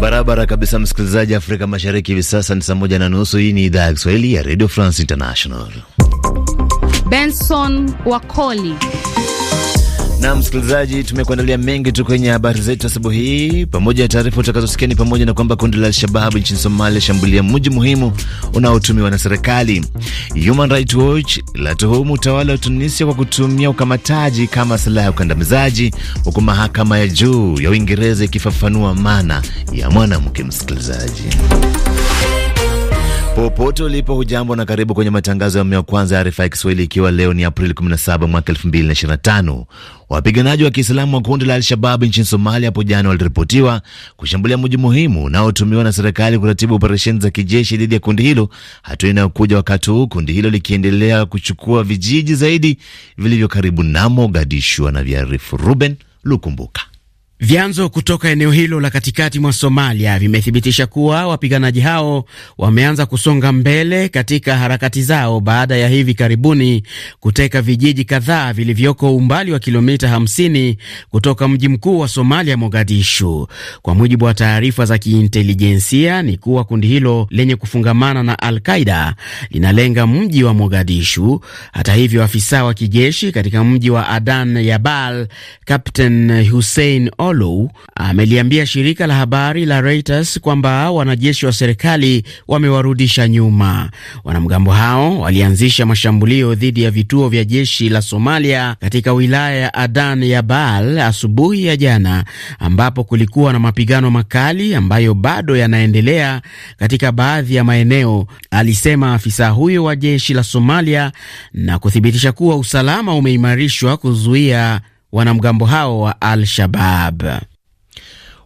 Barabara kabisa, msikilizaji. Afrika Mashariki hivi sasa ni saa moja na nusu. Hii ni idhaa ya Kiswahili ya Radio France International. Benson Wakoli na msikilizaji, tumekuandalia mengi tu kwenye habari zetu asubuhi hii, pamoja na taarifa utakazosikia ni pamoja na kwamba kundi la al nchini Somalia shambulia mji muhimu unaotumiwa na serikali. Human Rights Watch latuhumu utawala wa Tunisia kwa kutumia ukamataji kama silaha ya ukandamizaji, huku mahakama ya juu ya Uingereza ikifafanua maana ya mwanamke. Msikilizaji Popote ulipo hujambo na karibu kwenye matangazo ya awamu ya kwanza ya arifa ya Kiswahili, ikiwa leo ni Aprili 17 mwaka 2025. Wapiganaji wa Kiislamu wa kundi la Al-Shabab nchini Somalia hapo jana waliripotiwa kushambulia mji muhimu unaotumiwa na serikali kuratibu operesheni za kijeshi dhidi ya kundi hilo, hatua inayokuja wakati huu kundi hilo likiendelea kuchukua vijiji zaidi vilivyo karibu na Mogadishu, anavyoarifu Ruben Lukumbuka. Vyanzo kutoka eneo hilo la katikati mwa Somalia vimethibitisha kuwa wapiganaji hao wameanza kusonga mbele katika harakati zao baada ya hivi karibuni kuteka vijiji kadhaa vilivyoko umbali wa kilomita 50 kutoka mji mkuu wa Somalia, Mogadishu. Kwa mujibu wa taarifa za kiintelijensia, ni kuwa kundi hilo lenye kufungamana na Al-Qaida linalenga mji wa Mogadishu. Hata hivyo, afisa wa kijeshi katika mji wa Adan Yabal, Captain Hussein Olu ameliambia shirika la habari la Reuters kwamba wanajeshi wa serikali wamewarudisha nyuma. Wanamgambo hao walianzisha mashambulio dhidi ya vituo vya jeshi la Somalia katika wilaya ya Adan ya Baal asubuhi ya jana, ambapo kulikuwa na mapigano makali ambayo bado yanaendelea katika baadhi ya maeneo, alisema afisa huyo wa jeshi la Somalia na kuthibitisha kuwa usalama umeimarishwa kuzuia wanamgambo hao wa Al-Shabab.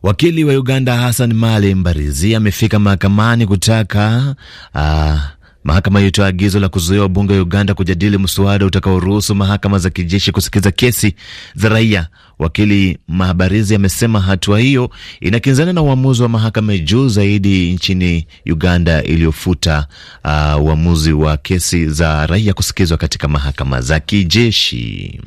Wakili wa Uganda Hassan Male Mbarizi amefika mahakamani kutaka uh, mahakama itoa agizo la kuzuia wabunge wa Uganda kujadili mswada utakaoruhusu mahakama za kijeshi kusikiza kesi za raia. Wakili Mahabarizi amesema hatua hiyo inakinzana na uamuzi wa mahakama juu zaidi nchini Uganda iliyofuta ah, uamuzi uh, wa kesi za raia kusikizwa katika mahakama za kijeshi.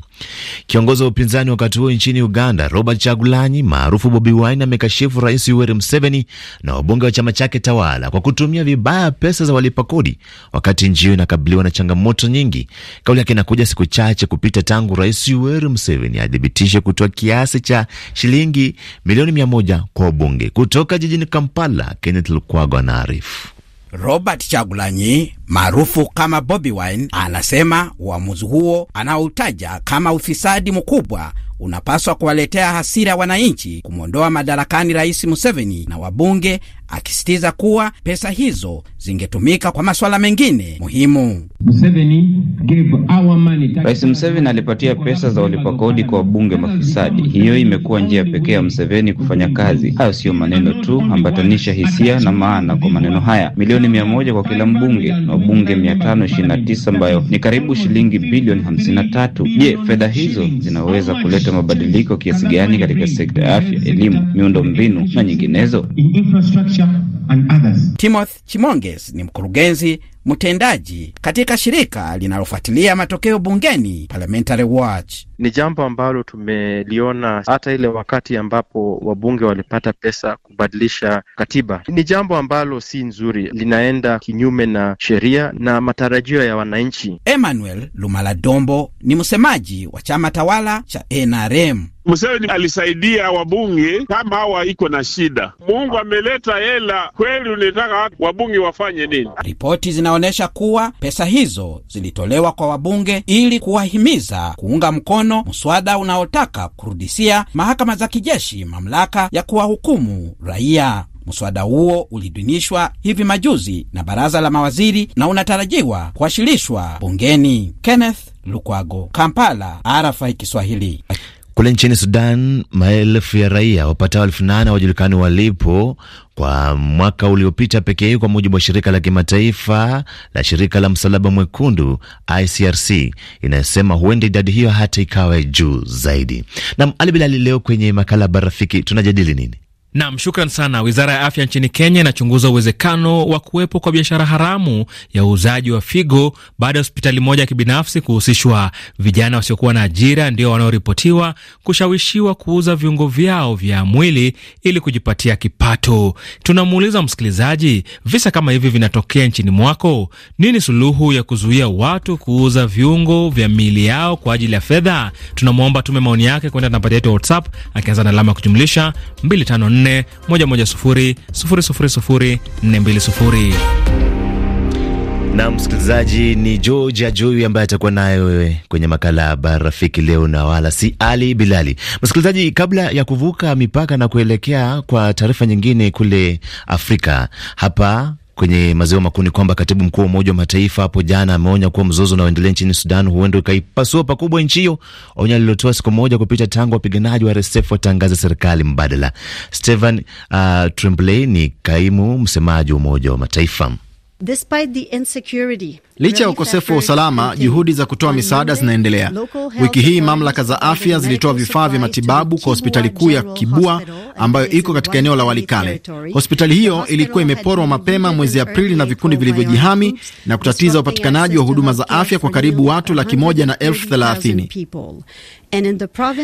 Kiongozi wa upinzani wakati huo nchini Uganda, Robert Chagulanyi maarufu Bobi Wine, amekashifu Rais Yoweri Museveni na wabunge wa chama chake tawala kwa kutumia vibaya pesa za walipa kodi wakati nchi hiyo inakabiliwa na changamoto nyingi. Kauli yake inakuja siku chache kupita tangu Rais Yoweri Museveni athibitishe kutoa kiasi cha shilingi milioni mia moja kwa wabunge. Kutoka jijini Kampala, Kenneth Lukwago anaarifu. Robert Chagulanyi maarufu kama Bobi Wine anasema uamuzi huo anaoutaja kama ufisadi mkubwa unapaswa kuwaletea hasira wananchi kumwondoa madarakani Rais Museveni na wabunge, akisitiza kuwa pesa hizo zingetumika kwa masuala mengine muhimu. Rais Museveni alipatia pesa za walipa kodi kwa wabunge mafisadi. Hiyo imekuwa njia pekee ya Museveni kufanya kazi. Hayo siyo maneno tu, ambatanisha hisia na maana kwa maneno haya. Milioni mia moja kwa kila mbunge na wabunge mia tano ishirini na tisa ambayo ni karibu shilingi bilioni hamsini na tatu. Je, fedha hizo zinaweza kuleta kuleta mabadiliko kiasi gani katika sekta ya afya, elimu, miundo mbinu na nyinginezo? Timothy Chimonges ni mkurugenzi mtendaji katika shirika linalofuatilia matokeo bungeni Parliamentary Watch. Ni jambo ambalo tumeliona hata ile wakati ambapo wabunge walipata pesa kubadilisha katiba. Ni jambo ambalo si nzuri, linaenda kinyume na sheria na matarajio ya wananchi. Emmanuel Lumaladombo ni msemaji wa chama tawala cha NRM. Museveni alisaidia wabunge kama hawa iko na shida. Mungu ameleta hela kweli, unataka wabunge wafanye nini? Ripoti zinaonyesha kuwa pesa hizo zilitolewa kwa wabunge ili kuwahimiza kuunga mkono mswada unaotaka kurudisia mahakama za kijeshi mamlaka ya kuwahukumu raia. Mswada huo ulidunishwa hivi majuzi na baraza la mawaziri na unatarajiwa kuwasilishwa bungeni. Kenneth Lukwago, Kampala, RFI Kiswahili. Kule nchini Sudan, maelfu ya raia wapatao elfu nane hawajulikani walipo kwa mwaka uliopita pekee, kwa mujibu wa shirika la kimataifa la shirika la msalaba mwekundu ICRC inayosema huenda idadi hiyo hata ikawa juu zaidi. Nam Ali Bilali, leo kwenye makala Barafiki tunajadili nini? Nam, shukran sana. Wizara ya afya nchini Kenya inachunguza uwezekano wa kuwepo kwa biashara haramu ya uuzaji wa figo baada ya hospitali moja ya kibinafsi kuhusishwa. Vijana wasiokuwa na ajira ndio wanaoripotiwa kushawishiwa kuuza viungo vyao vya mwili ili kujipatia kipato. Tunamuuliza msikilizaji, visa kama hivi vinatokea nchini mwako, nini suluhu ya kuzuia watu kuuza viungo vya miili yao kwa ajili ya fedha? Tunamwomba tume maoni yake kwenda nambari yetu ya WhatsApp akianza na alama ya kujumlisha 254 na msikilizaji ni George Ajoyi ambaye atakuwa nayo wewe kwenye makala ya bara rafiki leo, na wala si Ali Bilali. Msikilizaji, kabla ya kuvuka mipaka na kuelekea kwa taarifa nyingine kule Afrika, hapa kwenye maziwa makuu ni kwamba katibu mkuu wa Umoja wa Mataifa hapo jana ameonya kuwa mzozo unaoendelea nchini Sudan huenda ukaipasua pakubwa nchi hiyo, onya alilotoa siku moja kupita tangu wapiganaji wa RSF watangaze serikali mbadala. Stephen uh, Tremblay ni kaimu msemaji wa Umoja wa Mataifa. Licha ya ukosefu wa usalama, juhudi za kutoa misaada zinaendelea. Wiki hii mamlaka za afya zilitoa vifaa vya matibabu kwa hospitali kuu ya Kibua ambayo iko katika eneo la Walikale. Hospitali hiyo ilikuwa imeporwa mapema mwezi Aprili na vikundi vilivyojihami na kutatiza upatikanaji wa huduma za afya kwa karibu watu laki moja na elfu thelathini.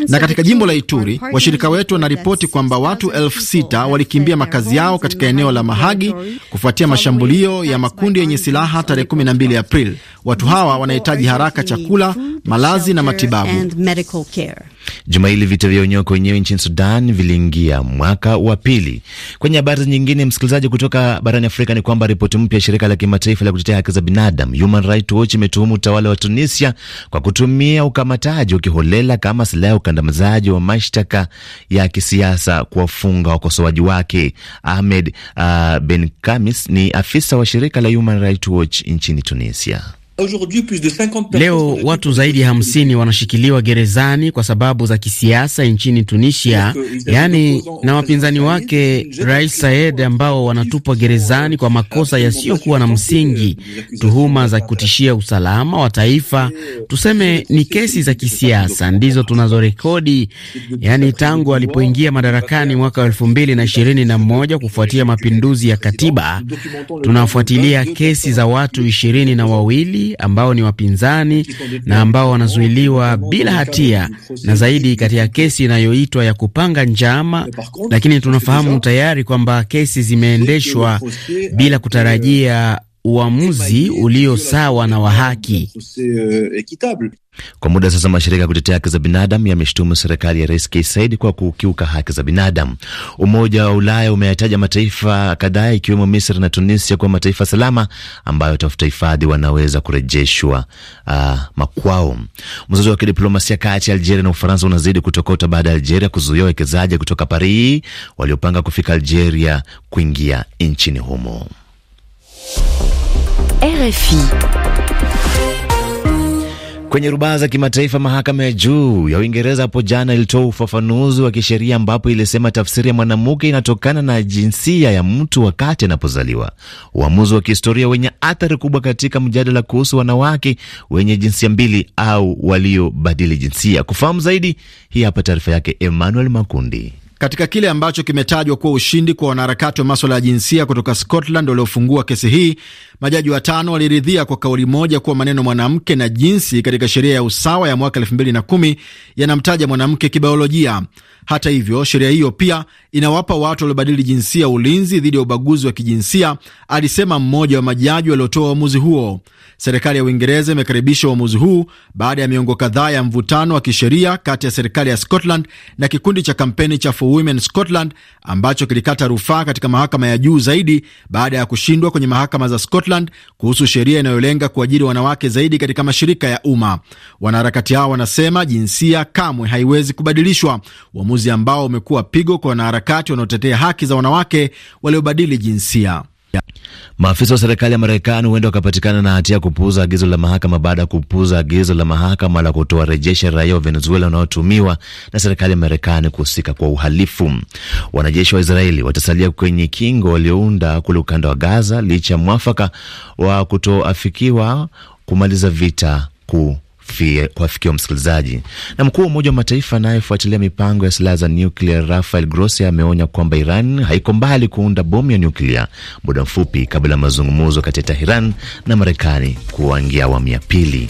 Na katika jimbo la Ituri, washirika wetu wanaripoti kwamba watu elfu sita walikimbia makazi yao katika eneo la Mahagi kufuatia mashambulio ya makundi yenye silaha tarehe 12 Aprili. Watu hawa wanahitaji haraka chakula, malazi na matibabu. Juma hili vita vya wenyewe kwa wenyewe nchini Sudan viliingia mwaka wa pili. Kwenye habari nyingine, msikilizaji, kutoka barani Afrika ni kwamba ripoti mpya ya shirika la kimataifa la kutetea haki za binadamu Human Rights Watch imetuhumu utawala wa Tunisia kwa kutumia ukamataji ukiholela kama silaha ya ukandamizaji wa mashtaka ya kisiasa kuwafunga wakosoaji wake. Ahmed uh, Ben Kamis ni afisa wa shirika la Human Rights Watch nchini Tunisia. Leo watu zaidi ya hamsini wanashikiliwa gerezani kwa sababu za kisiasa nchini Tunisia, yaani na wapinzani wake Rais Saed ambao wanatupwa gerezani kwa makosa yasiyokuwa na msingi, euh, tuhuma za kutishia usalama wa taifa. Euh, Tuseme ni kesi za kisiasa ndizo tunazorekodi, yaani tangu alipoingia madarakani mwaka wa elfu mbili na ishirini na moja kufuatia mapinduzi ya katiba, tunafuatilia kesi za watu ishirini na wawili ambao ni wapinzani na ambao wanazuiliwa bila hatia, na zaidi katika kesi inayoitwa ya kupanga njama. Lakini tunafahamu tayari kwamba kesi zimeendeshwa bila euh, kutarajia uamuzi ulio sawa na wa haki. Kwa muda sasa, mashirika ya kutetea haki za binadamu yameshtumu serikali ya Rais Kais Saied kwa kukiuka haki za binadamu. Umoja wa Ulaya umeyataja mataifa kadhaa ikiwemo Misri na Tunisia kuwa mataifa salama ambayo watafuta hifadhi wanaweza kurejeshwa uh, makwao. Mzozo wa kidiplomasia kati ya Algeria na Ufaransa unazidi kutokota baada ya Algeria kuzuia wawekezaji kutoka Paris waliopanga kufika Algeria kuingia nchini humo. RFI Kwenye rubaa za kimataifa, mahakama ya juu ya Uingereza hapo jana ilitoa ufafanuzi wa kisheria ambapo ilisema tafsiri ya mwanamke inatokana na jinsia ya mtu wakati anapozaliwa, uamuzi wa kihistoria wenye athari kubwa katika mjadala kuhusu wanawake wenye jinsia mbili au waliobadili jinsia. Kufahamu zaidi, hii hapa taarifa yake Emmanuel Makundi. Katika kile ambacho kimetajwa kuwa ushindi kwa wanaharakati wa maswala ya jinsia kutoka Scotland waliofungua kesi hii, Majaji watano waliridhia kwa kauli moja kuwa maneno mwanamke na jinsi katika sheria ya usawa ya mwaka 2010 yanamtaja mwanamke kibiolojia. Hata hivyo, sheria hiyo pia inawapa watu waliobadili jinsia ulinzi dhidi ya ubaguzi wa kijinsia, alisema mmoja wa majaji waliotoa uamuzi huo. Serikali ya Uingereza imekaribisha uamuzi huu baada ya miongo kadhaa ya mvutano wa kisheria kati ya serikali ya Scotland na kikundi cha kampeni cha For Women Scotland ambacho kilikata rufaa katika mahakama ya juu zaidi baada ya kushindwa kwenye mahakama za Scotland Scotland kuhusu sheria inayolenga kuajiri wanawake zaidi katika mashirika ya umma. Wanaharakati hao wanasema jinsia kamwe haiwezi kubadilishwa, uamuzi ambao umekuwa pigo kwa wanaharakati wanaotetea haki za wanawake waliobadili jinsia. Maafisa wa serikali ya Marekani huenda wakapatikana na hatia ya kupuuza agizo la mahakama baada ya kupuuza agizo la mahakama la kutowarejesha raia wa Venezuela wanaotumiwa na serikali ya Marekani kuhusika kwa uhalifu. Wanajeshi wa Israeli watasalia kwenye kingo waliounda kule ukanda wa Gaza licha ya mwafaka wa kutoafikiwa kumaliza vita kuu kuwafikia msikilizaji. Na mkuu wa Umoja wa Mataifa anayefuatilia mipango ya silaha za nyuklia Rafael Grossi ameonya kwamba Iran haiko mbali kuunda bomu ya nyuklia muda mfupi kabla ya mazungumzo kati ya Teheran na Marekani kuangia awamu ya pili.